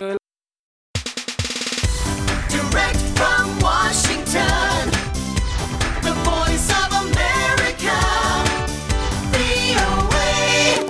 Direct from Washington, the voice of America, VOA.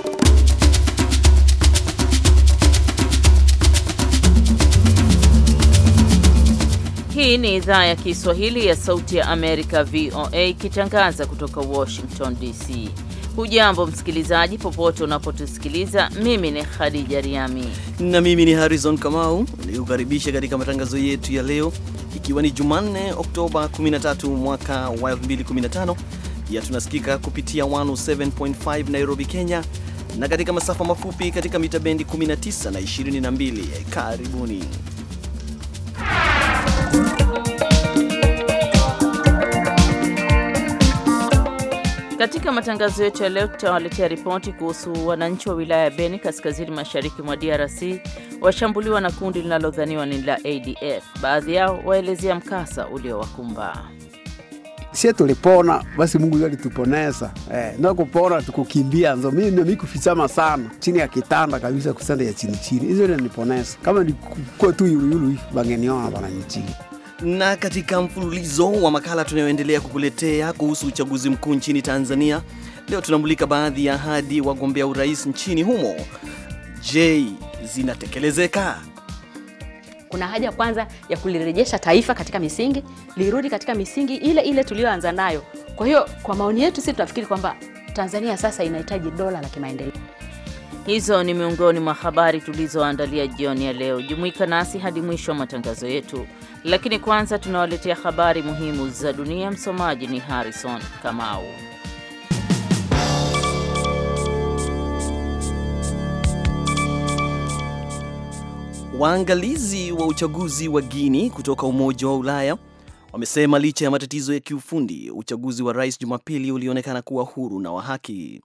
Hii ni idhaa ya Kiswahili ya Sauti ya Amerika, VOA, ikitangaza kutoka Washington DC. Hujambo msikilizaji, popote unapotusikiliza. Mimi ni Khadija Riami na mimi ni Harrison Kamau, nikukaribisha katika matangazo yetu ya leo, ikiwa ni Jumanne Oktoba 13 mwaka wa 2015. Pia tunasikika kupitia 107.5 Nairobi, Kenya, na katika masafa mafupi katika mita bendi 19 na 22. Karibuni Katika matangazo yetu ya leo tutawaletea ripoti kuhusu wananchi wa wilaya ya Beni kaskazini mashariki mwa DRC washambuliwa na kundi linalodhaniwa ni la ADF. Baadhi yao waelezea mkasa uliowakumba. Sie tulipona basi, Mungu alituponesa eh, na kupona tukukimbia nzo. Mimi kufichama sana chini ya kitanda kabisa, kusanda ya chini chini, hizo kama nilikuwa tu yuluyulu hivi, bangeniona bananichini na katika mfululizo wa makala tunayoendelea kukuletea kuhusu uchaguzi mkuu nchini Tanzania, leo tunamulika baadhi ya ahadi wagombea urais nchini humo. Je, zinatekelezeka? Kuna haja kwanza ya kulirejesha taifa katika misingi, lirudi katika misingi ile ile tuliyoanza nayo. Kwa hiyo kwa maoni yetu sisi tunafikiri kwamba Tanzania sasa inahitaji dola la kimaendeleo. Hizo ni miongoni mwa habari tulizoandalia jioni ya leo. Jumuika nasi hadi mwisho wa matangazo yetu lakini kwanza tunawaletea habari muhimu za dunia. Msomaji ni Harrison Kamau. Waangalizi wa uchaguzi wa Guini kutoka Umoja wa Ulaya wamesema licha ya matatizo ya kiufundi uchaguzi wa rais Jumapili ulionekana kuwa huru na wa haki.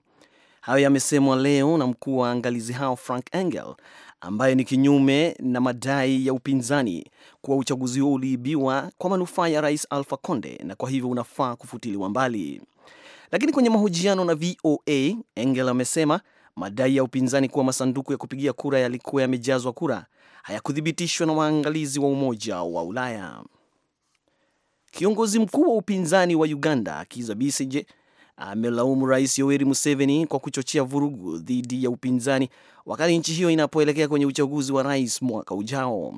Hayo yamesemwa leo na mkuu wa waangalizi hao Frank Engel ambayo ni kinyume na madai ya upinzani kuwa uchaguzi huo uliibiwa kwa manufaa ya Rais Alpha Conde na kwa hivyo unafaa kufutiliwa mbali. Lakini kwenye mahojiano na VOA, Engel amesema madai ya upinzani kuwa masanduku ya kupigia kura yalikuwa yamejazwa kura hayakuthibitishwa na waangalizi wa Umoja wa Ulaya. Kiongozi mkuu wa upinzani wa Uganda Kizza Besigye amelaumu Rais Yoweri Museveni kwa kuchochea vurugu dhidi ya upinzani wakati nchi hiyo inapoelekea kwenye uchaguzi wa rais mwaka ujao.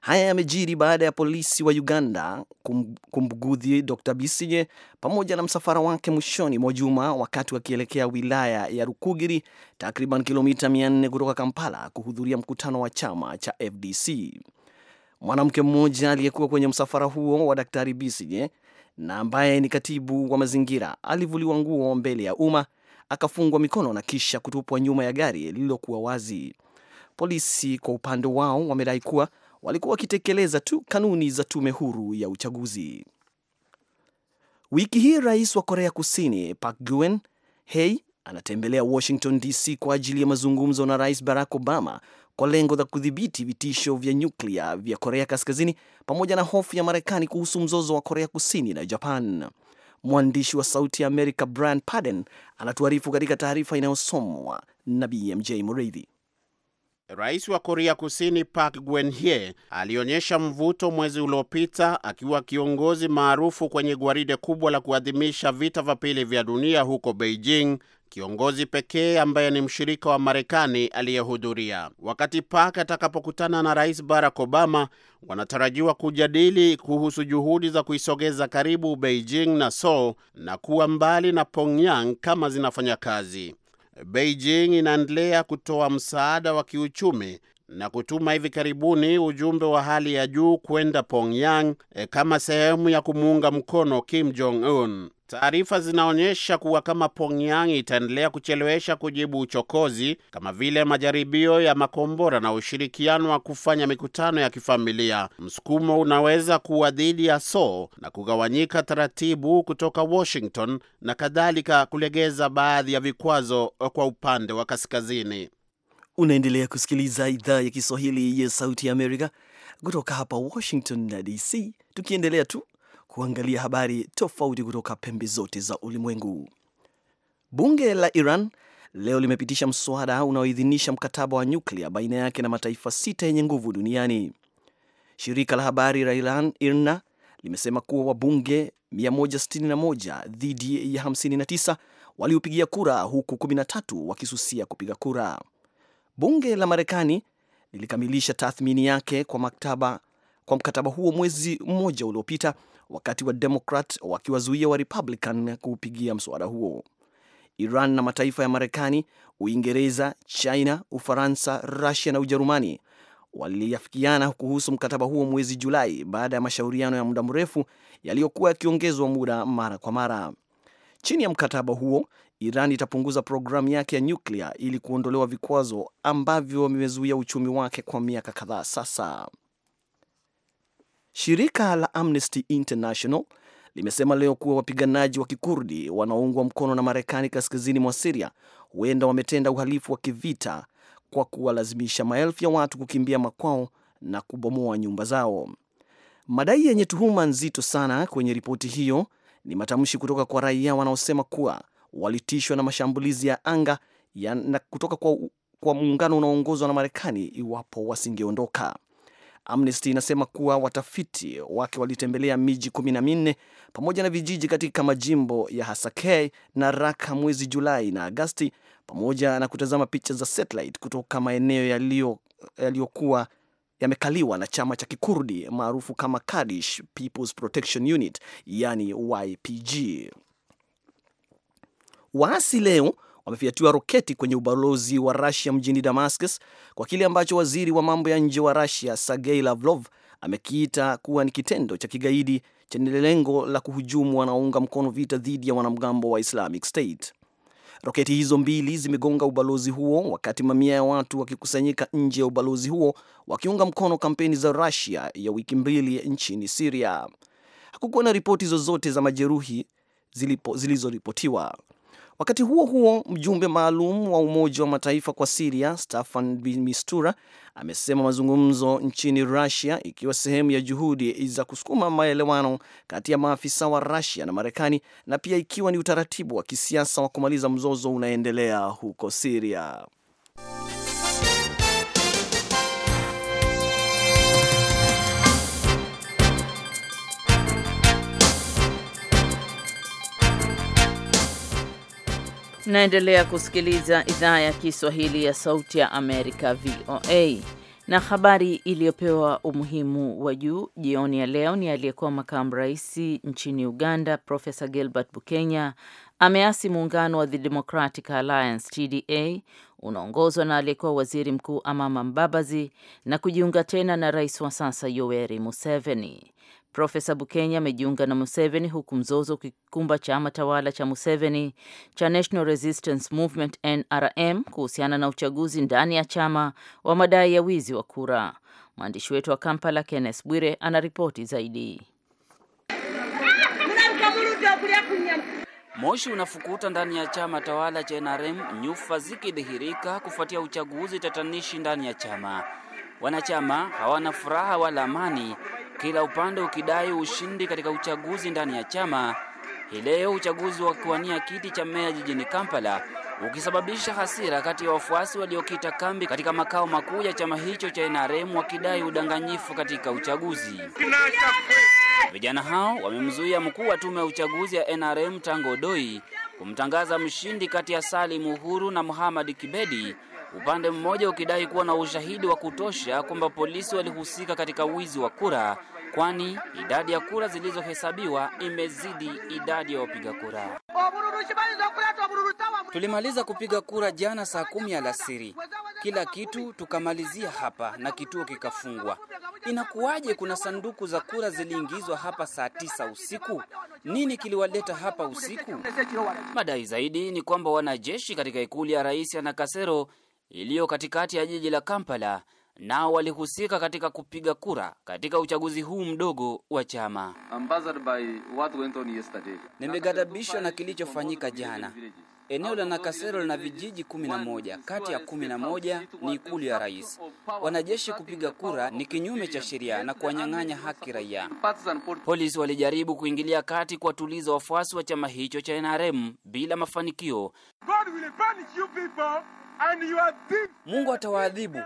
Haya yamejiri baada ya polisi wa Uganda kumbugudhi Dr bisige pamoja na msafara wake mwishoni mwa juma wakati wakielekea wilaya ya Rukugiri, takriban kilomita 400 kutoka Kampala, kuhudhuria mkutano wa chama cha FDC. Mwanamke mmoja aliyekuwa kwenye msafara huo wa Daktari bisige na ambaye ni katibu wa mazingira alivuliwa nguo mbele ya umma akafungwa mikono na kisha kutupwa nyuma ya gari lililokuwa wazi. Polisi kwa upande wao wamedai kuwa walikuwa wakitekeleza tu kanuni za tume huru ya uchaguzi. Wiki hii rais wa Korea Kusini Park Geun-hye anatembelea Washington DC kwa ajili ya mazungumzo na rais Barack Obama kwa lengo la kudhibiti vitisho vya nyuklia vya Korea Kaskazini pamoja na hofu ya Marekani kuhusu mzozo wa Korea Kusini na Japan. Mwandishi wa Sauti ya Amerika Brian Paden anatuarifu katika taarifa inayosomwa na BMJ Mureithi. Rais wa Korea Kusini Park Geun-hye alionyesha mvuto mwezi uliopita akiwa kiongozi maarufu kwenye gwaride kubwa la kuadhimisha vita vya pili vya dunia huko Beijing kiongozi pekee ambaye ni mshirika wa Marekani aliyehudhuria. Wakati Park atakapokutana na Rais Barack Obama, wanatarajiwa kujadili kuhusu juhudi za kuisogeza karibu Beijing na Seoul na kuwa mbali na Pyongyang kama zinafanya kazi. Beijing inaendelea kutoa msaada wa kiuchumi na kutuma hivi karibuni ujumbe wa hali ya juu kwenda Pyongyang, e, kama sehemu ya kumuunga mkono Kim Jong Un. Taarifa zinaonyesha kuwa kama Pyongyang itaendelea kuchelewesha kujibu uchokozi kama vile majaribio ya makombora na ushirikiano wa kufanya mikutano ya kifamilia, msukumo unaweza kuwa dhidi ya Seoul na kugawanyika taratibu kutoka Washington na kadhalika, kulegeza baadhi ya vikwazo kwa upande wa kaskazini. Unaendelea kusikiliza idhaa ya Kiswahili ya Sauti ya Amerika kutoka hapa Washington DC, tukiendelea tu kuangalia habari tofauti kutoka pembe zote za ulimwengu. Bunge la Iran leo limepitisha mswada unaoidhinisha mkataba wa nyuklia baina yake na mataifa sita yenye nguvu duniani. Shirika la habari la Iran IRNA limesema kuwa wabunge 161 dhidi ya 59 waliopigia kura huku 13 wakisusia kupiga kura. Bunge la Marekani lilikamilisha tathmini yake kwa, maktaba, kwa mkataba huo mwezi mmoja uliopita wakati wa Demokrat wakiwazuia wa Republican kuupigia mswada huo. Iran na mataifa ya Marekani, Uingereza, China, Ufaransa, Rusia na Ujerumani waliafikiana kuhusu mkataba huo mwezi Julai baada ya mashauriano ya muda mrefu yaliyokuwa yakiongezwa muda mara kwa mara. Chini ya mkataba huo, Iran itapunguza programu yake ya nyuklia ili kuondolewa vikwazo ambavyo vimezuia uchumi wake kwa miaka kadhaa sasa. Shirika la Amnesty International limesema leo kuwa wapiganaji wa kikurdi wanaoungwa mkono na Marekani kaskazini mwa Siria huenda wametenda uhalifu wa kivita kwa kuwalazimisha maelfu ya watu kukimbia makwao na kubomoa nyumba zao. Madai yenye tuhuma nzito sana kwenye ripoti hiyo ni matamshi kutoka kwa raia wanaosema kuwa walitishwa na mashambulizi ya anga ya na kutoka kwa, kwa muungano unaoongozwa na Marekani iwapo wasingeondoka. Amnesty inasema kuwa watafiti wake walitembelea miji kumi na minne pamoja na vijiji katika majimbo ya Hasakei na Raka mwezi Julai na Agasti, pamoja na kutazama picha za satellite kutoka maeneo yaliyokuwa yamekaliwa na chama cha kikurdi maarufu kama Kurdish People's Protection Unit, yani YPG. Waasi leo wamefyatua roketi kwenye ubalozi wa Rusia mjini Damascus kwa kile ambacho waziri wa mambo ya nje wa Rusia Sergei Lavrov amekiita kuwa ni kitendo cha kigaidi chenye lengo la kuhujumu wanaounga mkono vita dhidi ya wanamgambo wa Islamic State. Roketi hizo mbili zimegonga ubalozi huo wakati mamia ya watu wakikusanyika nje ya ubalozi huo wakiunga mkono kampeni za Rusia ya wiki mbili nchini Siria. Hakukuwa na ripoti zozote za majeruhi zilizoripotiwa. Wakati huo huo, mjumbe maalum wa Umoja wa Mataifa kwa Siria Staffan de Mistura amesema mazungumzo nchini Rusia ikiwa sehemu ya juhudi za kusukuma maelewano kati ya maafisa wa Rusia na Marekani na pia ikiwa ni utaratibu wa kisiasa wa kumaliza mzozo unaendelea huko Siria. Mnaendelea kusikiliza idhaa ya Kiswahili ya Sauti ya Amerika, VOA. Na habari iliyopewa umuhimu wa juu jioni ya leo ni aliyekuwa makamu rais nchini Uganda, Profesa Gilbert Bukenya ameasi muungano wa The Democratic Alliance TDA unaongozwa na aliyekuwa waziri mkuu Amama Mbabazi na kujiunga tena na rais wa sasa Yoweri Museveni. Profesa Bukenya amejiunga na Museveni huku mzozo ukikumba chama tawala cha Museveni cha National Resistance Movement NRM kuhusiana na uchaguzi ndani ya chama wa madai ya wizi wa kura. Mwandishi wetu wa Kampala Kenneth Bwire anaripoti zaidi. Moshi unafukuta ndani ya chama tawala cha NRM, nyufa zikidhihirika kufuatia uchaguzi tatanishi ndani ya chama. Wanachama hawana furaha wala amani kila upande ukidai ushindi katika uchaguzi ndani ya chama. Hii leo uchaguzi wa kuwania kiti cha meya jijini Kampala ukisababisha hasira kati ya wafuasi waliokita kambi katika makao makuu ya chama hicho cha NRM wakidai udanganyifu katika uchaguzi. Vijana hao wamemzuia mkuu wa tume ya uchaguzi ya NRM Tango odoi kumtangaza mshindi kati ya Salim Uhuru na Muhammad Kibedi upande mmoja ukidai kuwa na ushahidi wa kutosha kwamba polisi walihusika katika wizi wa kura, kwani idadi ya kura zilizohesabiwa imezidi idadi ya wapiga kura. Tulimaliza kupiga kura jana saa kumi alasiri, kila kitu tukamalizia hapa na kituo kikafungwa. Inakuwaje? Kuna sanduku za kura ziliingizwa hapa saa tisa usiku. Nini kiliwaleta hapa usiku? Madai zaidi ni kwamba wanajeshi katika ikulu ya rais Anakasero iliyo katikati ya jiji la Kampala nao walihusika katika kupiga kura katika uchaguzi huu mdogo wa chama. Nimeghadhabishwa na kilichofanyika jana. Eneo la Nakasero lina vijiji 11 kati ya 11 ni ikulu ya rais. Wanajeshi kupiga kura ni kinyume cha sheria na kuwanyang'anya haki raia. Polisi walijaribu kuingilia kati kuwatuliza wafuasi wa chama hicho cha NRM bila mafanikio. Mungu atawaadhibu.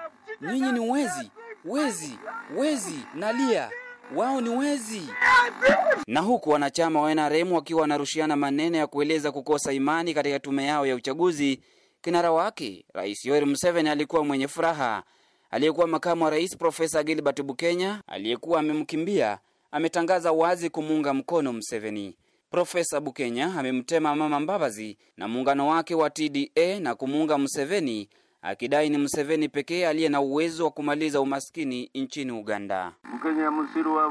Nyinyi ni wezi, wezi, wezi, nalia wao ni wezi. Na huku wanachama wa NRM wakiwa wanarushiana maneno ya kueleza kukosa imani katika tume yao ya uchaguzi, kinara wake Rais Yoweri Museveni alikuwa mwenye furaha. Aliyekuwa makamu wa rais Profesa Gilbert Bukenya aliyekuwa amemkimbia ametangaza wazi kumuunga mkono Museveni. Profesa Bukenya amemtema Mama Mbabazi na muungano wake wa TDA na kumuunga Museveni akidai ni Museveni pekee aliye na uwezo wa kumaliza umaskini nchini Uganda. Mkenya wavu wa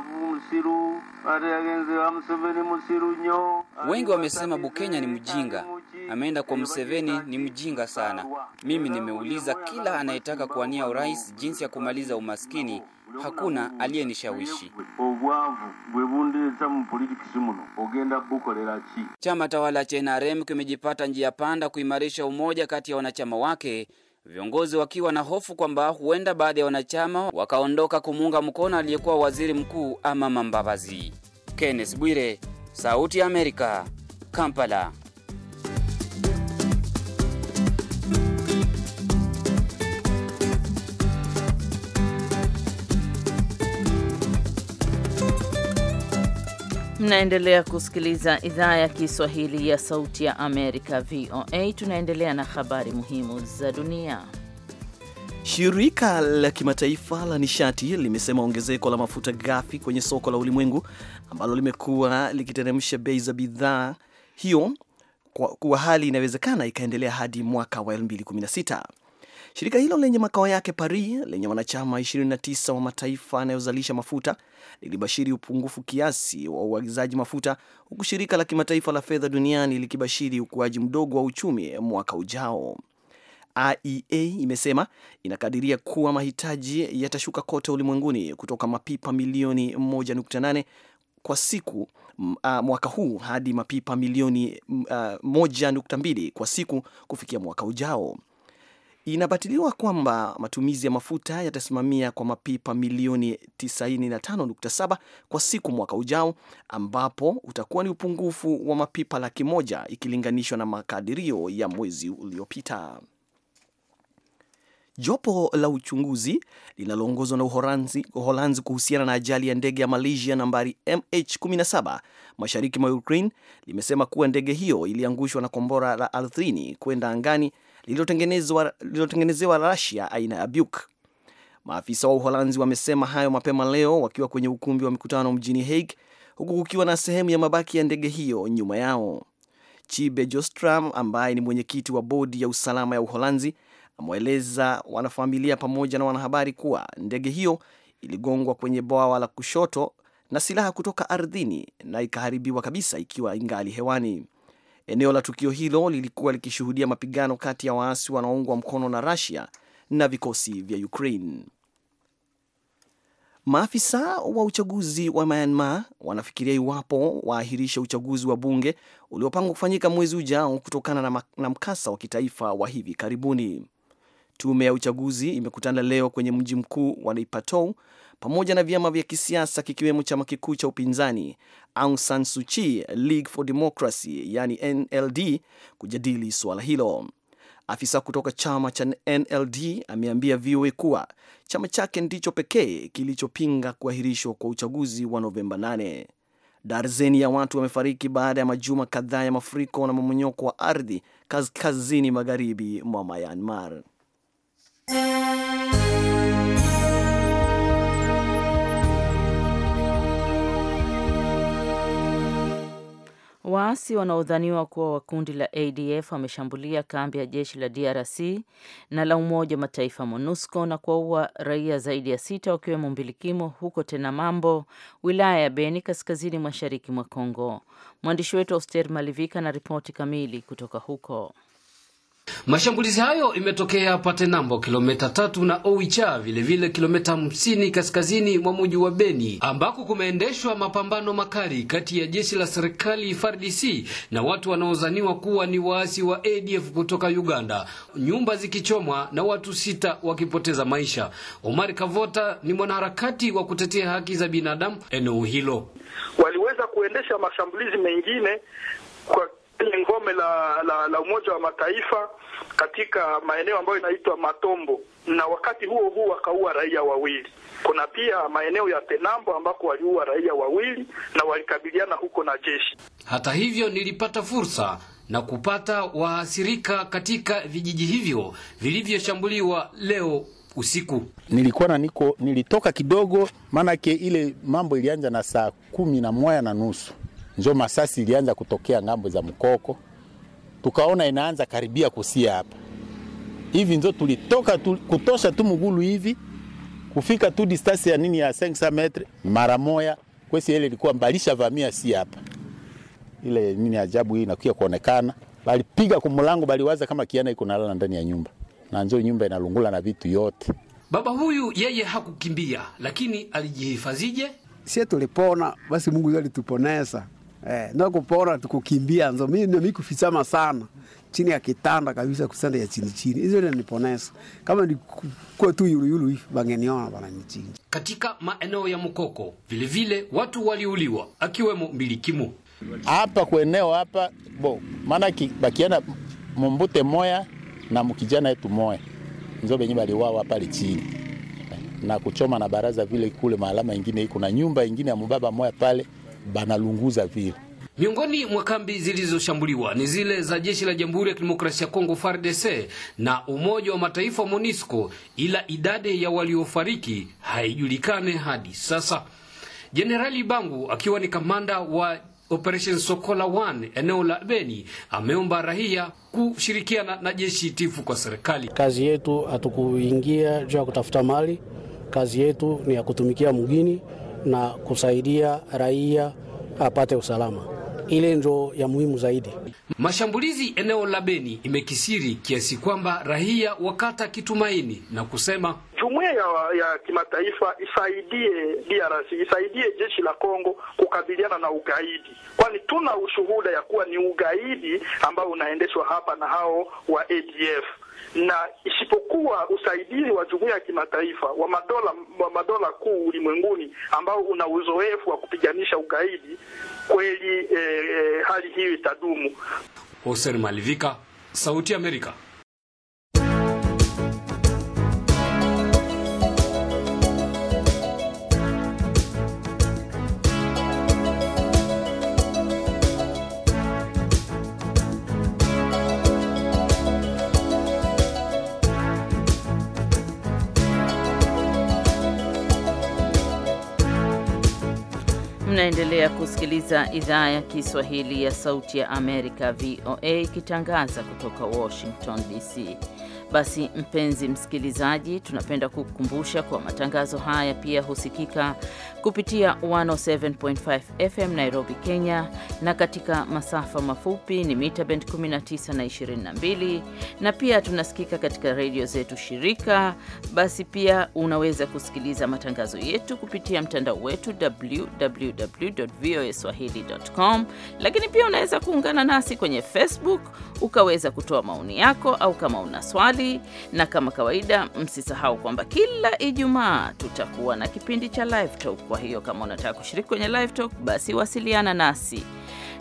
Museveni nyo. Wengi wamesema Bukenya ni mjinga, ameenda kwa Museveni ni mjinga sana. Mimi nimeuliza kila anayetaka kuwania urais jinsi ya kumaliza umaskini, hakuna aliyenishawishi. Chama tawala cha NRM kimejipata njia panda kuimarisha umoja kati ya wanachama wake viongozi wakiwa na hofu kwamba huenda baadhi ya wanachama wakaondoka kumuunga mkono aliyekuwa waziri mkuu ama mambavazi Kenneth Bwire, Sauti ya Amerika, Kampala. Mnaendelea kusikiliza idhaa ya Kiswahili ya Sauti ya Amerika, VOA. Tunaendelea na habari muhimu za dunia. Shirika la kimataifa la nishati limesema ongezeko la mafuta ghafi kwenye soko la ulimwengu ambalo limekuwa likiteremsha bei za bidhaa hiyo kuwa hali inawezekana ikaendelea hadi mwaka wa 2016. Shirika hilo lenye makao yake Paris, lenye wanachama 29 wa mataifa yanayozalisha mafuta lilibashiri upungufu kiasi wa uagizaji mafuta, huku shirika la kimataifa la fedha duniani likibashiri ukuaji mdogo wa uchumi mwaka ujao. IEA imesema inakadiria kuwa mahitaji yatashuka kote ulimwenguni kutoka mapipa milioni 1.8 kwa siku mwaka huu hadi mapipa milioni 1.2 kwa siku kufikia mwaka ujao. Inabatiliwa kwamba matumizi ya mafuta yatasimamia kwa mapipa milioni 95.7 kwa siku mwaka ujao, ambapo utakuwa ni upungufu wa mapipa laki moja ikilinganishwa na makadirio ya mwezi uliopita. Jopo la uchunguzi linaloongozwa na Uholanzi, Uholanzi kuhusiana na ajali ya ndege ya Malaysia nambari MH17 mashariki mwa Ukraine limesema kuwa ndege hiyo iliangushwa na kombora la ardhini kwenda angani lililotengenezewa Rasia aina ya Buk. Maafisa wa Uholanzi wamesema hayo mapema leo wakiwa kwenye ukumbi wa mikutano mjini Hague, huku kukiwa na sehemu ya mabaki ya ndege hiyo nyuma yao. Chibe Jostram ambaye ni mwenyekiti wa bodi ya usalama ya Uholanzi amewaeleza wanafamilia pamoja na wanahabari kuwa ndege hiyo iligongwa kwenye bwawa la kushoto na silaha kutoka ardhini na ikaharibiwa kabisa ikiwa ingali hewani. Eneo la tukio hilo lilikuwa likishuhudia mapigano kati ya waasi wanaoungwa mkono na Russia na vikosi vya Ukraine. Maafisa wa uchaguzi wa Myanmar wanafikiria iwapo waahirishe uchaguzi wa bunge uliopangwa kufanyika mwezi ujao kutokana na, mkasa wa kitaifa wa hivi karibuni. Tume ya uchaguzi imekutana leo kwenye mji mkuu wa Naypyidaw pamoja na vyama vya kisiasa kikiwemo chama kikuu cha upinzani Aung San Suu Kyi League for Democracy yani NLD kujadili suala hilo. Afisa kutoka chama cha NLD ameambia VOA kuwa chama chake ndicho pekee kilichopinga kuahirishwa kwa uchaguzi wa Novemba 8. Darzeni ya watu wamefariki baada ya majuma kadhaa ya mafuriko na mmomonyoko wa ardhi kaskazini magharibi mwa Myanmar. Waasi wanaodhaniwa kuwa wa kundi la ADF wameshambulia kambi ya jeshi la DRC na la Umoja wa Mataifa MONUSCO na kuwaua raia zaidi ya sita wakiwemo mbilikimo huko tena mambo wilaya ya Beni, kaskazini mashariki mwa congo Mwandishi wetu Auster Malivika na ripoti kamili kutoka huko. Mashambulizi hayo imetokea Patenambo kilomita tatu na Oicha vilevile kilomita hamsini kaskazini mwa mji wa Beni ambako kumeendeshwa mapambano makali kati ya jeshi la serikali FARDC na watu wanaozaniwa kuwa ni waasi wa ADF kutoka Uganda, nyumba zikichomwa na watu sita wakipoteza maisha. Omar Kavota ni mwanaharakati wa kutetea haki za binadamu eneo hilo. Waliweza kuendesha mashambulizi mengine kwa kwenye ngome la, la, la Umoja wa Mataifa katika maeneo ambayo inaitwa Matombo, na wakati huo huo wakaua raia wawili. Kuna pia maeneo ya Tenambo ambako waliua raia wawili na walikabiliana huko na jeshi. Hata hivyo, nilipata fursa na kupata waasirika katika vijiji hivyo vilivyoshambuliwa leo usiku. Nilikuwa na niko nilitoka kidogo, maanake ile mambo ilianza na saa kumi na moja na nusu Njo masasi ilianza kutokea ngambo za Mkoko, tukaona inaanza karibia kusia hapa hivi, njo tulitoka tu, kutosha tu mugulu hivi kufika tu distance ya nini ya 500 metre mara moja kwesi ile ilikuwa mbalisha vamia si hapa. Ile nini ajabu hii inakuja kuonekana, bali piga balipiga bali waza kama kiana iko nalala ndani ya nyumba na njo nyumba inalungula na vitu yote. Baba huyu yeye hakukimbia, lakini alijihifazije? Sie tulipona basi, Mungu yeye alituponesa. Eh, na kupora tukukimbia nzo mimi ndio kufisama sana chini ya kitanda kabisa kusanda ya chini chini. Hizo ndio niponesa. Kama ni kwa tu yulu yulu hivi bangeniona bana nichini. Katika maeneo ya Mkoko vile vile watu waliuliwa akiwemo mbilikimu. Hapa kwa eneo hapa bo maana bakiana mumbute moya na mkijana yetu moya. Nzo benye bali baliwawa pale chini. Na kuchoma na baraza vile kule maalama ingine iko na nyumba ingine ya mbaba moya pale banalunguza vile. Miongoni mwa kambi zilizoshambuliwa ni zile za jeshi la Jamhuri ya Kidemokrasia ya Kongo FARDC na Umoja wa Mataifa MONUSCO, ila idadi ya waliofariki haijulikane hadi sasa. Jenerali Bangu akiwa ni kamanda wa Operation Sokola 1 eneo la Beni ameomba raia kushirikiana na jeshi tifu kwa serikali. Kazi yetu hatukuingia juu ya kutafuta mali, kazi yetu ni ya kutumikia mgini na kusaidia raia apate usalama. Ile ndio ya muhimu zaidi. Mashambulizi eneo la Beni imekisiri kiasi kwamba raia wakata kitumaini na kusema jumuiya ya, ya kimataifa isaidie DRC, isaidie jeshi la Kongo kukabiliana na ugaidi, kwani tuna ushuhuda ya kuwa ni ugaidi ambao unaendeshwa hapa na hao wa ADF na isipokuwa usaidizi wa jumuiya ya kimataifa wa madola, wa madola kuu ulimwenguni ambao una uzoefu wa kupiganisha ugaidi kweli, eh, eh hali hiyo itadumu. Hosen Malivika, Sauti Amerika. Unaendelea kusikiliza idhaa ya Kiswahili ya Sauti ya Amerika, VOA, ikitangaza kutoka Washington DC. Basi mpenzi msikilizaji, tunapenda kukukumbusha kwa matangazo haya pia husikika kupitia 107.5 FM Nairobi, Kenya, na katika masafa mafupi ni mita bend 19 na 22, na pia tunasikika katika redio zetu shirika. Basi pia unaweza kusikiliza matangazo yetu kupitia mtandao wetu www www.voaswahili.com, lakini pia unaweza kuungana nasi kwenye Facebook ukaweza kutoa maoni yako au kama una swali Mridhi, na kama kawaida, msisahau kwamba kila Ijumaa tutakuwa na kipindi cha Live Talk. Kwa hiyo kama unataka kushiriki kwenye Live Talk, basi wasiliana nasi.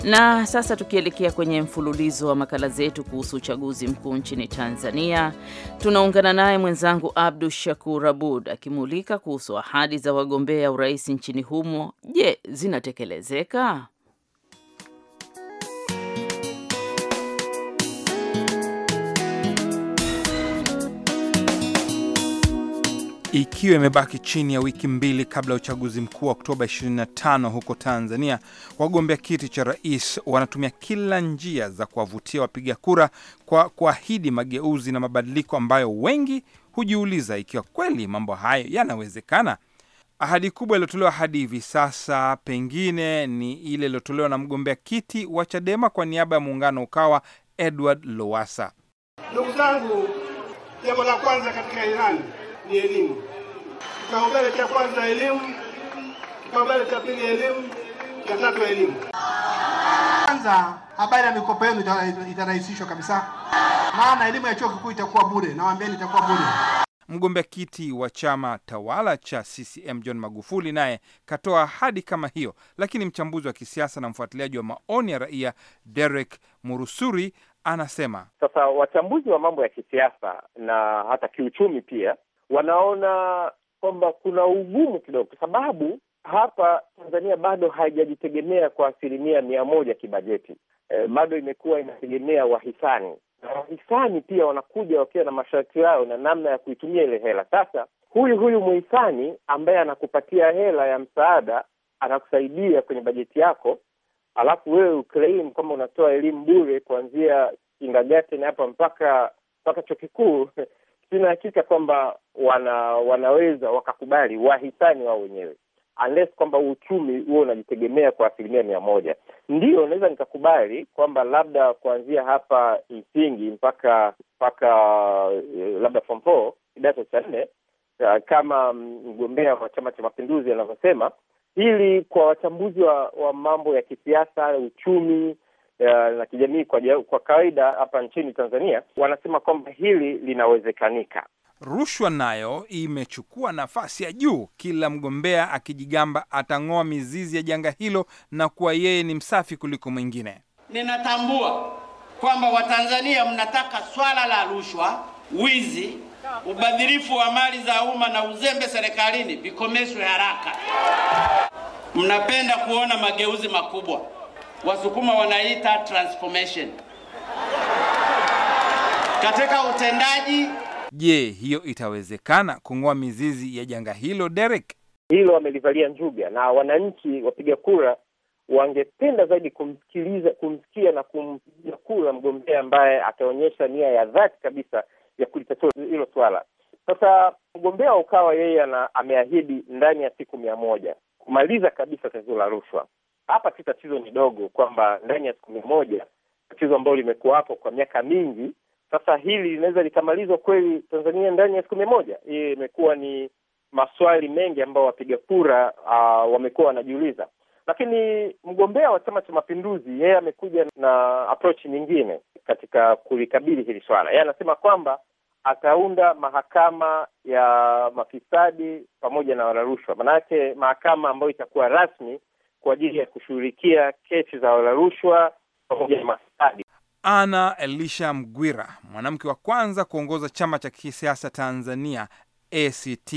Na sasa tukielekea kwenye mfululizo wa makala zetu kuhusu uchaguzi mkuu nchini Tanzania, tunaungana naye mwenzangu Abdu Shakur Abud akimulika kuhusu ahadi za wagombea urais nchini humo. Je, zinatekelezeka? Ikiwa imebaki chini ya wiki mbili kabla ya uchaguzi mkuu wa Oktoba 25 huko Tanzania, wagombea kiti cha rais wanatumia kila njia za kuwavutia wapiga kura kwa kuahidi mageuzi na mabadiliko ambayo wengi hujiuliza ikiwa kweli mambo hayo yanawezekana. Ahadi kubwa iliyotolewa hadi hivi sasa pengine ni ile iliyotolewa na mgombea kiti wa Chadema kwa niaba ya muungano Ukawa, Edward Lowasa. Ndugu zangu, jambo la kwanza katika Irani ni elimu. Kipaumbele cha kwanza elimu, kipaumbele cha pili elimu, cha tatu elimu. Kwanza habari ya mikopo yenu itarahisishwa kabisa, maana elimu ya chuo kikuu itakuwa bure. Nawaambieni itakuwa bure. Mgombea kiti wa chama tawala cha CCM John Magufuli naye katoa ahadi kama hiyo, lakini mchambuzi wa kisiasa na mfuatiliaji wa maoni ya raia Derek Murusuri anasema sasa wachambuzi wa mambo ya kisiasa na hata kiuchumi pia wanaona kwamba kuna ugumu kidogo, kwa sababu hapa Tanzania bado haijajitegemea kwa asilimia mia moja kibajeti. E, bado imekuwa inategemea wahisani na wahisani pia wanakuja wakiwa na masharti yao na namna ya kuitumia ile hela. Sasa huyu huyu mwhisani ambaye anakupatia hela ya msaada anakusaidia kwenye bajeti yako, alafu wewe uclaim kwamba unatoa elimu bure kuanzia kindergarten hapa mpaka mpaka chuo kikuu sina hakika kwamba wana, wanaweza wakakubali wahisani wao wenyewe unless kwamba uchumi huo unajitegemea kwa asilimia mia moja. ndio naweza nikakubali kwamba labda kuanzia hapa msingi mpaka mpaka eh, labda form four kidato cha nne eh, kama mgombea wa Chama cha Mapinduzi anavyosema, ili kwa wachambuzi wa, wa mambo ya kisiasa, uchumi na kijamii kwa, kwa kawaida hapa nchini Tanzania wanasema kwamba hili linawezekanika. Rushwa nayo imechukua nafasi ya juu, kila mgombea akijigamba atang'oa mizizi ya janga hilo na kuwa yeye ni msafi kuliko mwingine. Ninatambua kwamba Watanzania mnataka swala la rushwa, wizi, ubadhirifu wa mali za umma na uzembe serikalini vikomeshwe haraka. Mnapenda kuona mageuzi makubwa Wasukuma wanaita transformation katika utendaji. Je, hiyo itawezekana kung'oa mizizi ya janga hilo? Derek, hilo wamelivalia njuga, na wananchi wapiga kura wangependa zaidi kumsikiliza, kumsikia na kumpiga kura mgombea ambaye ataonyesha nia ya dhati kabisa ya kulitatua hilo swala. Sasa mgombea wa Ukawa yeye ameahidi ndani ya siku mia moja kumaliza kabisa tatizo la rushwa hapa si tatizo ni dogo, kwamba ndani ya siku mia moja tatizo ambalo limekuwa hapo kwa miaka mingi sasa, hili linaweza likamalizwa kweli Tanzania ndani ya siku mia moja? Hii imekuwa ni maswali mengi ambayo wapiga kura uh, wamekuwa wanajiuliza, lakini mgombea wa Chama cha Mapinduzi yeye amekuja na approach nyingine katika kulikabili hili swala. Yeye anasema kwamba ataunda mahakama ya mafisadi pamoja na wararushwa maanake mahakama ambayo itakuwa rasmi kwa ajili ya kushughulikia kesi za wala rushwa pamoja na mafisadi. Ana Elisha Mgwira, mwanamke wa kwanza kuongoza chama cha kisiasa Tanzania ACT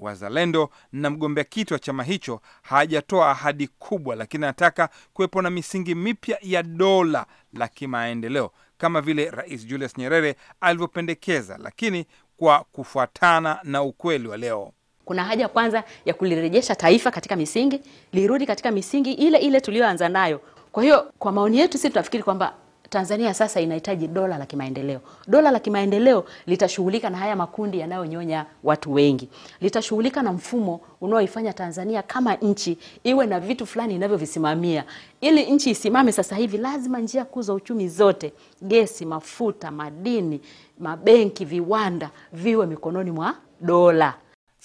Wazalendo na mgombea kiti wa chama hicho, hajatoa ahadi kubwa, lakini anataka kuwepo na misingi mipya ya dola la kimaendeleo kama vile Rais Julius Nyerere alivyopendekeza, lakini kwa kufuatana na ukweli wa leo. Kuna haja kwanza ya kulirejesha taifa katika misingi, lirudi katika misingi ile ile tuliyoanza nayo. Kwa hiyo kwa maoni yetu sisi tunafikiri kwamba Tanzania sasa inahitaji dola la kimaendeleo. Dola la kimaendeleo litashughulika na haya makundi yanayonyonya watu wengi, litashughulika na mfumo unaoifanya Tanzania kama nchi iwe na vitu fulani inavyovisimamia. Ili nchi isimame sasa hivi, lazima njia kuu za uchumi zote, gesi, mafuta, madini, mabenki, viwanda, viwe mikononi mwa dola.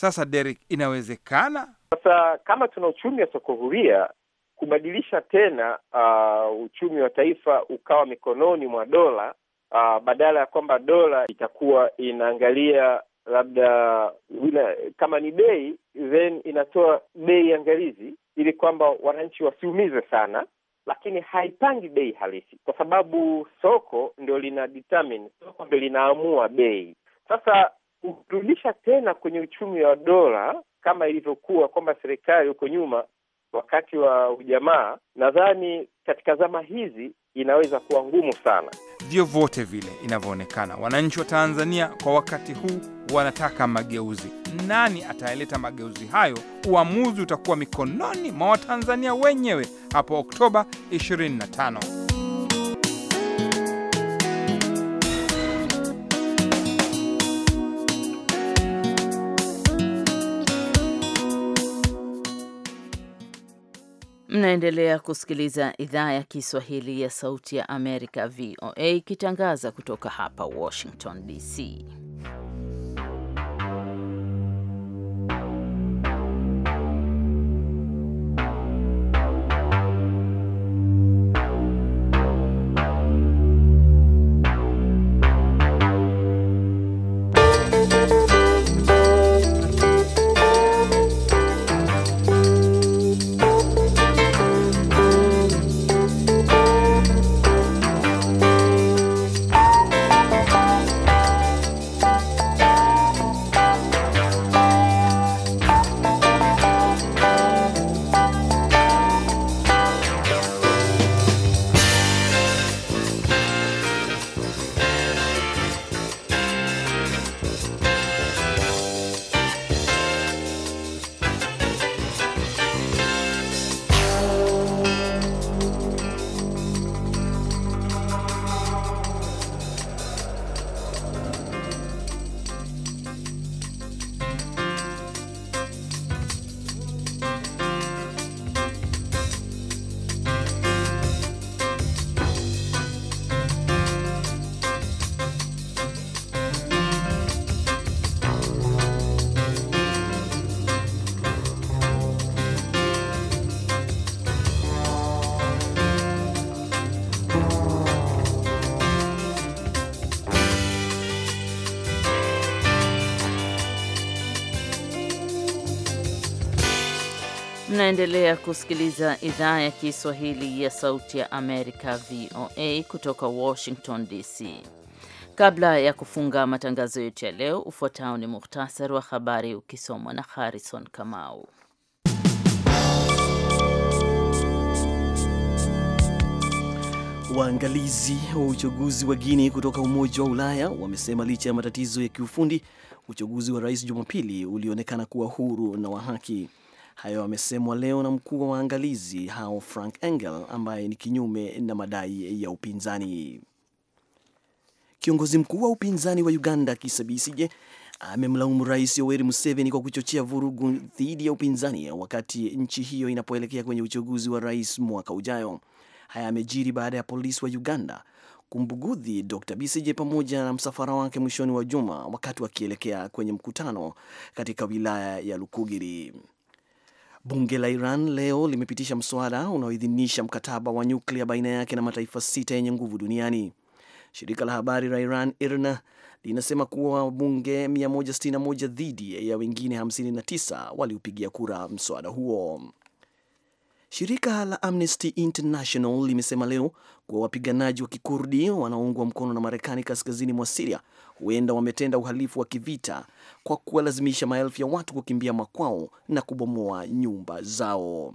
Sasa Derek, inawezekana sasa kama tuna uchumi wa soko huria kubadilisha tena uh, uchumi wa taifa ukawa mikononi mwa dola uh, badala ya kwamba dola itakuwa inaangalia labda wina, kama ni bei then inatoa bei angalizi ili kwamba wananchi wasiumize sana, lakini haipangi bei halisi, kwa sababu soko ndio lina determine, soko ndio linaamua bei. Sasa kurudisha tena kwenye uchumi wa dola kama ilivyokuwa kwamba serikali huko nyuma wakati wa ujamaa, nadhani katika zama hizi inaweza kuwa ngumu sana. Vyovyote vile inavyoonekana, wananchi wa Tanzania kwa wakati huu wanataka mageuzi. Nani atayaleta mageuzi hayo? Uamuzi utakuwa mikononi mwa Watanzania wenyewe hapo Oktoba 25. Mnaendelea kusikiliza idhaa ya Kiswahili ya Sauti ya Amerika, VOA, ikitangaza kutoka hapa Washington DC. Unaendelea kusikiliza idhaa ya Kiswahili ya Sauti ya Amerika, VOA, kutoka Washington DC. Kabla ya kufunga matangazo yetu ya leo, ufuatao ni muhtasari wa habari ukisomwa na Harrison Kamau. Waangalizi wa uchaguzi wa Guini kutoka Umoja wa Ulaya wamesema licha ya matatizo ya kiufundi, uchaguzi wa rais Jumapili ulionekana kuwa huru na wa haki. Hayo amesemwa leo na mkuu wa waangalizi hao Frank Engel, ambaye ni kinyume na madai ya upinzani. Kiongozi mkuu wa upinzani wa Uganda Kizza Besigye amemlaumu Rais Yoweri Museveni kwa kuchochea vurugu dhidi ya upinzani wakati nchi hiyo inapoelekea kwenye uchaguzi wa rais mwaka ujayo. Haya amejiri baada ya polisi wa Uganda kumbugudhi Dr. Besigye pamoja na msafara wake mwishoni wa juma wakati wakielekea kwenye mkutano katika wilaya ya Lukugiri. Bunge la Iran leo limepitisha mswada unaoidhinisha mkataba wa nyuklia baina yake na mataifa sita yenye nguvu duniani. Shirika la habari la Iran IRNA linasema kuwa wabunge 161 dhidi ya wengine 59 waliupigia kura mswada huo. Shirika la Amnesty International limesema leo kuwa wapiganaji wa kikurdi wanaoungwa mkono na Marekani kaskazini mwa Siria huenda wametenda uhalifu wa kivita kwa kuwalazimisha maelfu ya watu kukimbia makwao na kubomoa nyumba zao.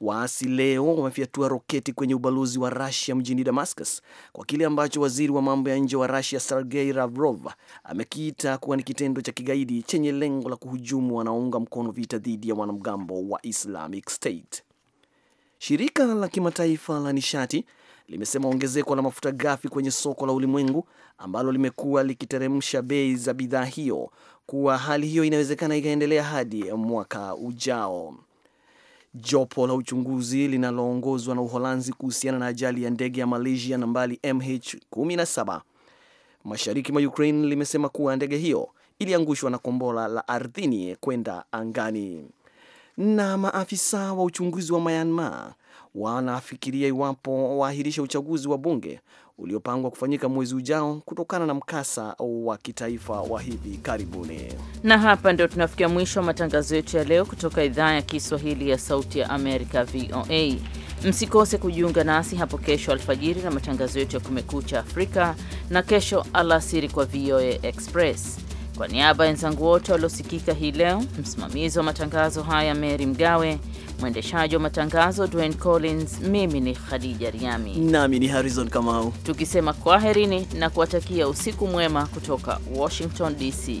Waasi leo wamefyatua roketi kwenye ubalozi wa Rusia mjini Damascus kwa kile ambacho waziri wa mambo ya nje wa Rusia Sergei Lavrov amekiita kuwa ni kitendo cha kigaidi chenye lengo la kuhujumu wanaounga mkono vita dhidi ya wanamgambo wa Islamic State. Shirika la kimataifa la nishati limesema ongezeko la mafuta ghafi kwenye soko la ulimwengu ambalo limekuwa likiteremsha bei za bidhaa hiyo, kuwa hali hiyo inawezekana ikaendelea hadi mwaka ujao. Jopo la uchunguzi linaloongozwa na Uholanzi kuhusiana na ajali ya ndege ya Malaysia nambari MH17 mashariki mwa Ukraine limesema kuwa ndege hiyo iliangushwa na kombora la ardhini kwenda angani na maafisa wa uchunguzi wa Myanmar wanafikiria iwapo waahirisha uchaguzi wa bunge uliopangwa kufanyika mwezi ujao kutokana na mkasa wa kitaifa wa hivi karibuni. Na hapa ndio tunafikia mwisho wa matangazo yetu ya leo kutoka idhaa ya Kiswahili ya Sauti ya Amerika, VOA. Msikose kujiunga nasi hapo kesho alfajiri na matangazo yetu ya Kumekucha Afrika na kesho alasiri kwa VOA Express. Kwa niaba ya wenzangu wote waliosikika hii leo, msimamizi wa matangazo haya Mary Mgawe, mwendeshaji wa matangazo Dwayne Collins, mimi ni Khadija Riami nami ni Harrison Kamau, tukisema kwaherini na kuwatakia usiku mwema kutoka Washington DC.